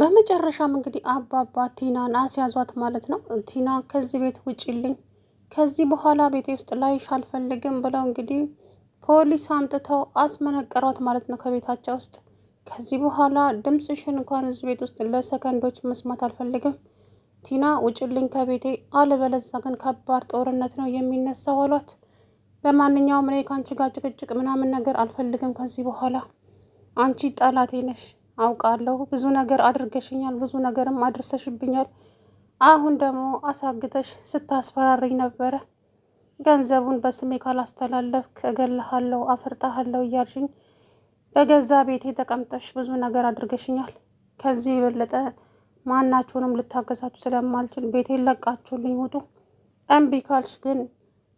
በመጨረሻም እንግዲህ አባባ ቲናን አስያዟት ማለት ነው። ቲና ከዚህ ቤት ውጪልኝ፣ ከዚህ በኋላ ቤቴ ውስጥ ላይሽ አልፈልግም ብለው እንግዲህ ፖሊስ አምጥተው አስመነቀሯት ማለት ነው ከቤታቸው ውስጥ። ከዚህ በኋላ ድምፅሽን እንኳን እዚህ ቤት ውስጥ ለሰከንዶች መስማት አልፈልግም፣ ቲና ውጭልኝ ከቤቴ፣ አለበለዚያ ግን ከባድ ጦርነት ነው የሚነሳው አሏት። ለማንኛውም እኔ ከአንቺ ጋር ጭቅጭቅ ምናምን ነገር አልፈልግም ከዚህ በኋላ አንቺ ጠላቴ ነሽ አውቃለሁ። ብዙ ነገር አድርገሽኛል፣ ብዙ ነገርም አድርሰሽብኛል። አሁን ደግሞ አሳግተሽ ስታስፈራሪኝ ነበረ። ገንዘቡን በስሜ ካላስተላለፍክ እገልሃለሁ፣ አፈርጣሃለሁ እያልሽኝ በገዛ ቤቴ ተቀምጠሽ ብዙ ነገር አድርገሽኛል። ከዚህ የበለጠ ማናችሁንም ልታገዛችሁ ስለማልችል ቤቴ ለቃችሁልኝ ውጡ። እምቢ ካልሽ ግን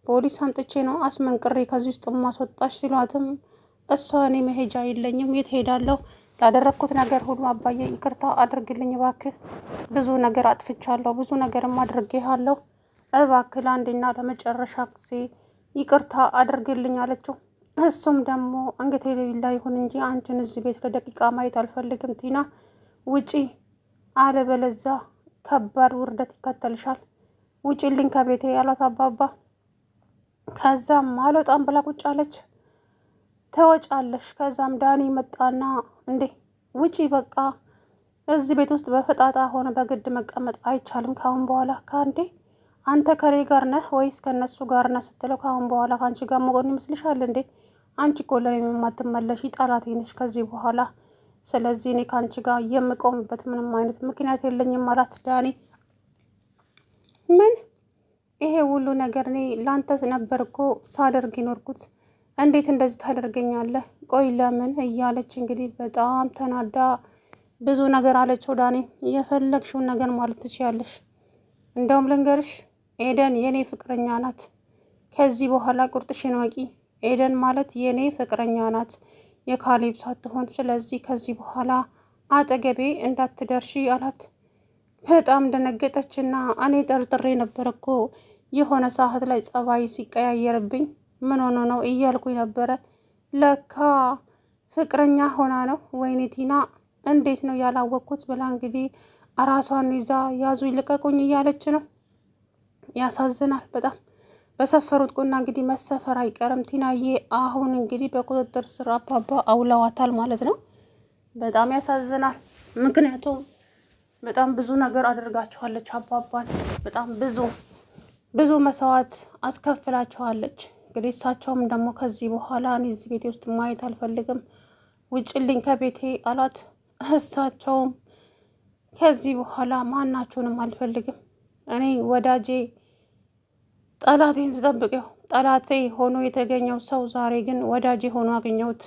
ፖሊስ አምጥቼ ነው አስመንቅሬ ከዚህ ውስጥ ማስወጣሽ ሲሏትም እሷ እኔ መሄጃ የለኝም የት ሄዳለሁ ላደረግኩት ነገር ሁሉ አባዬ ይቅርታ አድርግልኝ እባክህ። ብዙ ነገር አጥፍቻለሁ፣ ብዙ ነገርም አድርጌሃለሁ። እባክህ ለአንድና ለመጨረሻ ጊዜ ይቅርታ አድርግልኝ አለችው። እሱም ደግሞ አንገቴ ሌላ ይሁን እንጂ አንቺን እዚህ ቤት ለደቂቃ ማየት አልፈልግም ቲና፣ ውጪ፣ አለበለዛ ከባድ ውርደት ይከተልሻል። ውጪልኝ ከቤቴ ያላት አባባ። ከዛም አልወጣም ብላ ቁጭ አለች። ተወጫለሽ። ከዛም ዳኒ መጣና እንዴ ውጪ በቃ እዚህ ቤት ውስጥ በፈጣጣ ሆነ በግድ መቀመጥ አይቻልም ካሁን በኋላ ከአንዴ አንተ ከኔ ጋር ነህ ወይስ ከነሱ ጋር ነህ ስትለው ካሁን በኋላ ከአንቺ ጋር መቆን ይመስልሻል እንዴ? አንቺ እኮ ለኔ የማትመለሽ ጠላቴ ነሽ ከዚህ በኋላ ስለዚህ እኔ ከአንቺ ጋር የምቆምበት ምንም አይነት ምክንያት የለኝም አላት ዳኒ። ምን ይሄ ሁሉ ነገር እኔ ላንተ ነበር እኮ ሳደርግ ይኖርኩት እንዴት እንደዚህ ታደርገኛለህ? ቆይ ለምን እያለች እንግዲህ በጣም ተናዳ ብዙ ነገር አለችው። ዳኔ የፈለግሽውን ነገር ማለት ትችያለሽ። እንደውም ልንገርሽ፣ ኤደን የኔ ፍቅረኛ ናት። ከዚህ በኋላ ቁርጥሽን ወቂ። ኤደን ማለት የኔ ፍቅረኛ ናት፣ የካሌብ ሳትሆን። ስለዚህ ከዚህ በኋላ አጠገቤ እንዳትደርሺ አላት። በጣም ደነገጠችና እኔ ጠርጥሬ ነበር እኮ የሆነ ሰዓት ላይ ጸባይ ሲቀያየርብኝ ምን ሆኖ ነው እያልኩኝ ነበረ። ለካ ፍቅረኛ ሆና ነው። ወይኔ ቲና እንዴት ነው ያላወቅኩት ብላ እንግዲህ ራሷን ይዛ ያዙ ይልቀቁኝ እያለች ነው። ያሳዝናል በጣም በሰፈሩት ቁና እንግዲህ መሰፈር አይቀርም። ቲናዬ አሁን እንግዲህ በቁጥጥር ስር አባባ አውለዋታል ማለት ነው። በጣም ያሳዝናል። ምክንያቱም በጣም ብዙ ነገር አድርጋችኋለች አባባን፣ በጣም ብዙ ብዙ መስዋዕት አስከፍላችኋለች። እንግዲህ እሳቸውም ደግሞ ከዚህ በኋላ እኔ እዚህ ቤቴ ውስጥ ማየት አልፈልግም፣ ውጭልኝ ከቤቴ አላት። እሳቸውም ከዚህ በኋላ ማናችሁንም አልፈልግም፣ እኔ ወዳጄ ጠላቴን ስጠብቀው ጠላቴ ሆኖ የተገኘው ሰው ዛሬ ግን ወዳጄ ሆኖ አገኘሁት።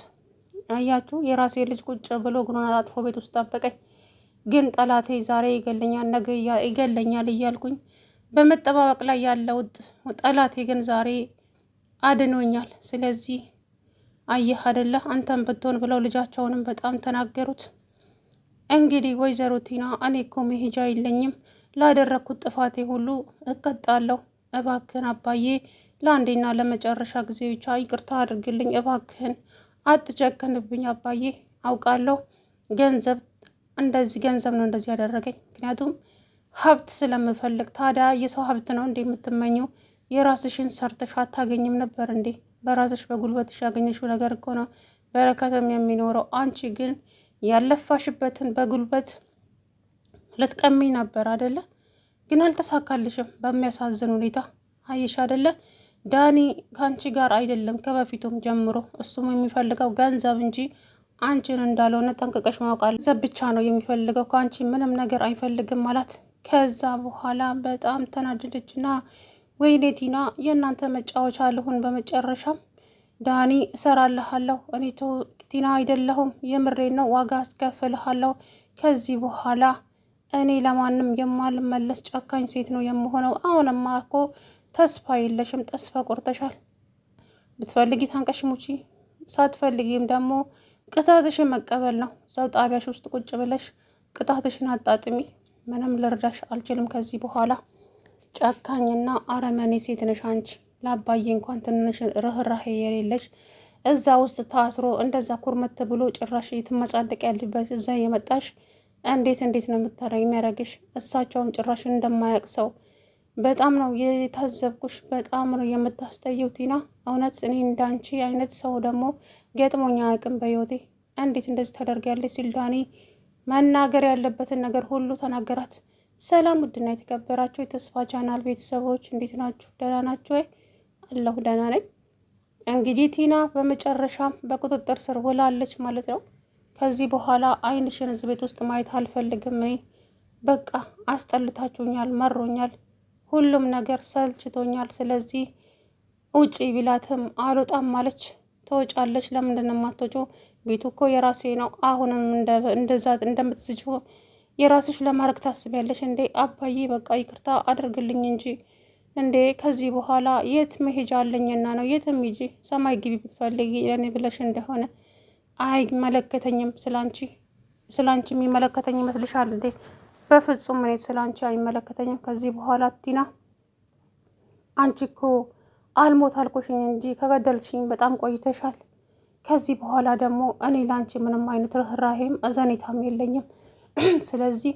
አያችሁ የራሴ ልጅ ቁጭ ብሎ ግኑን አጣጥፎ ቤት ውስጥ ጠበቀኝ። ግን ጠላቴ ዛሬ ይገለኛል፣ ነገ ይገለኛል እያልኩኝ በመጠባበቅ ላይ ያለው ጠላቴ ግን ዛሬ አድኖኛል። ስለዚህ አየህ አደለ አንተን ብትሆን ብለው ልጃቸውንም በጣም ተናገሩት። እንግዲህ ወይዘሮ ቲና እኔ እኮ መሄጃ የለኝም ላደረግኩት ጥፋቴ ሁሉ እቀጣለሁ። እባክህን አባዬ ለአንዴና ለመጨረሻ ጊዜ ብቻ ይቅርታ አድርግልኝ እባክህን። አትጨከንብኝ አባዬ። አውቃለሁ ገንዘብ እንደዚህ ገንዘብ ነው እንደዚህ ያደረገኝ፣ ምክንያቱም ሀብት ስለምፈልግ። ታዲያ የሰው ሀብት ነው እንደምትመኘው የራስሽን ሰርተሽ አታገኝም ነበር እንዴ? በራስሽ በጉልበትሽ ያገኘሽው ነገር እኮ ነው በረከትም የሚኖረው። አንቺ ግን ያለፋሽበትን በጉልበት ልትቀሚ ነበር አደለ? ግን አልተሳካልሽም። በሚያሳዝን ሁኔታ አየሽ አደለ? ዳኒ ከአንቺ ጋር አይደለም ከበፊቱም ጀምሮ። እሱም የሚፈልገው ገንዘብ እንጂ አንቺን እንዳልሆነ ጠንቅቀሽ ማውቃል። ገንዘብ ብቻ ነው የሚፈልገው፣ ከአንቺ ምንም ነገር አይፈልግም አላት። ከዛ በኋላ በጣም ተናደደችና ወይኔ ቲና የእናንተ መጫወቻ አልሁን። በመጨረሻም ዳኒ እሰራልሃለሁ፣ እኔ ቲና አይደለሁም፣ የምሬን ነው፣ ዋጋ አስከፍልሃለሁ። ከዚህ በኋላ እኔ ለማንም የማልመለስ ጨካኝ ሴት ነው የምሆነው። አሁንማ እኮ ተስፋ የለሽም፣ ተስፋ ቆርጠሻል። ብትፈልጊ ታንቀሽሙቺ፣ ሳትፈልጊም ደግሞ ቅጣትሽን መቀበል ነው። ሰው ጣቢያሽ ውስጥ ቁጭ ብለሽ ቅጣትሽን አጣጥሚ። ምንም ልርዳሽ አልችልም ከዚህ በኋላ ጨካኝና አረመኔ ሴት ነሽ አንቺ። ለአባዬ እንኳን ትንሽ ርኅራሄ የሌለሽ እዛ ውስጥ ታስሮ እንደዛ ኩርመት ብሎ ጭራሽ የትመጻደቅ ያለበት እዛ የመጣሽ እንዴት እንዴት ነው የምታረግ የሚያደርግሽ? እሳቸውም ጭራሽ እንደማያውቅ ሰው በጣም ነው የታዘብኩሽ። በጣም ነው የምታስጠየው ቲና። እውነት እኔ እንዳንቺ አይነት ሰው ደግሞ ገጥሞኛ አያውቅም በሕይወቴ። እንዴት እንደዚህ ታደርጊያለሽ? ሲል መናገር ያለበትን ነገር ሁሉ ተናገራት። ሰላም ውድና የተከበራችሁ የተስፋ ቻናል ቤተሰቦች እንዴት ናችሁ? ደህና ናችሁ ወይ? አለሁ ደህና ነኝ። እንግዲህ ቲና በመጨረሻም በቁጥጥር ስር ውላለች ማለት ነው። ከዚህ በኋላ ዓይንሽን እዚህ ቤት ውስጥ ማየት አልፈልግም፣ እኔ በቃ አስጠልታችሁኛል፣ መሮኛል፣ ሁሉም ነገር ሰልችቶኛል፣ ስለዚህ ውጪ ቢላትም አልወጣም ማለች። ትወጫለች። ለምንድን ነው የማትወጪው? ቤቱ እኮ የራሴ ነው። አሁንም እንደዛ እንደምትስች የራስሽ ለማድረግ ታስቢያለሽ እንዴ? አባዬ በቃ ይቅርታ አድርግልኝ እንጂ እንዴ ከዚህ በኋላ የት መሄጃ አለኝና ነው? የትም ሂጂ፣ ሰማይ ግቢ ብትፈልጊ ለእኔ ብለሽ እንደሆነ አይመለከተኝም። ስላንቺ ስላንቺ የሚመለከተኝ ይመስልሻል እንዴ? በፍጹም እኔ ስላንቺ አይመለከተኝም። ከዚህ በኋላ ቲና አንቺ እኮ አልሞት አልኩሽኝ እንጂ ከገደልሽኝ በጣም ቆይተሻል። ከዚህ በኋላ ደግሞ እኔ ላንቺ ምንም አይነት ርኅራሄም እዘኔታም የለኝም። ስለዚህ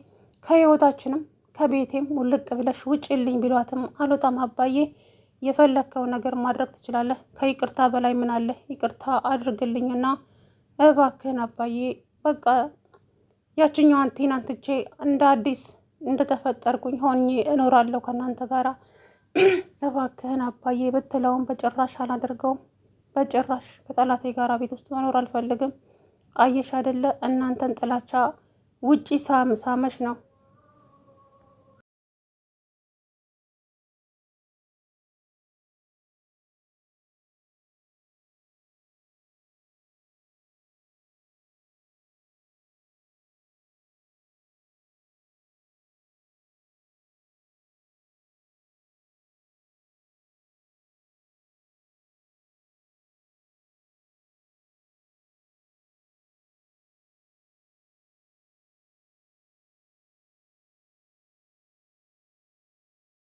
ከህይወታችንም ከቤቴም ውልቅ ብለሽ ውጭልኝ ቢሏትም አልወጣም አባዬ የፈለግከው ነገር ማድረግ ትችላለህ። ከይቅርታ በላይ ምን አለ? ይቅርታ አድርግልኝና እባክህን አባዬ በቃ ያችኛዋን ቲናን ትቼ እንደ አዲስ እንደተፈጠርኩኝ ሆኜ እኖራለሁ ከእናንተ ጋራ እባክህን አባዬ ብትለውም በጭራሽ አላደርገውም በጭራሽ ከጠላቴ ጋራ ቤት ውስጥ መኖር አልፈልግም። አየሽ አይደለ እናንተን ጥላቻ ውጪ ሳም ሳመሽ ነው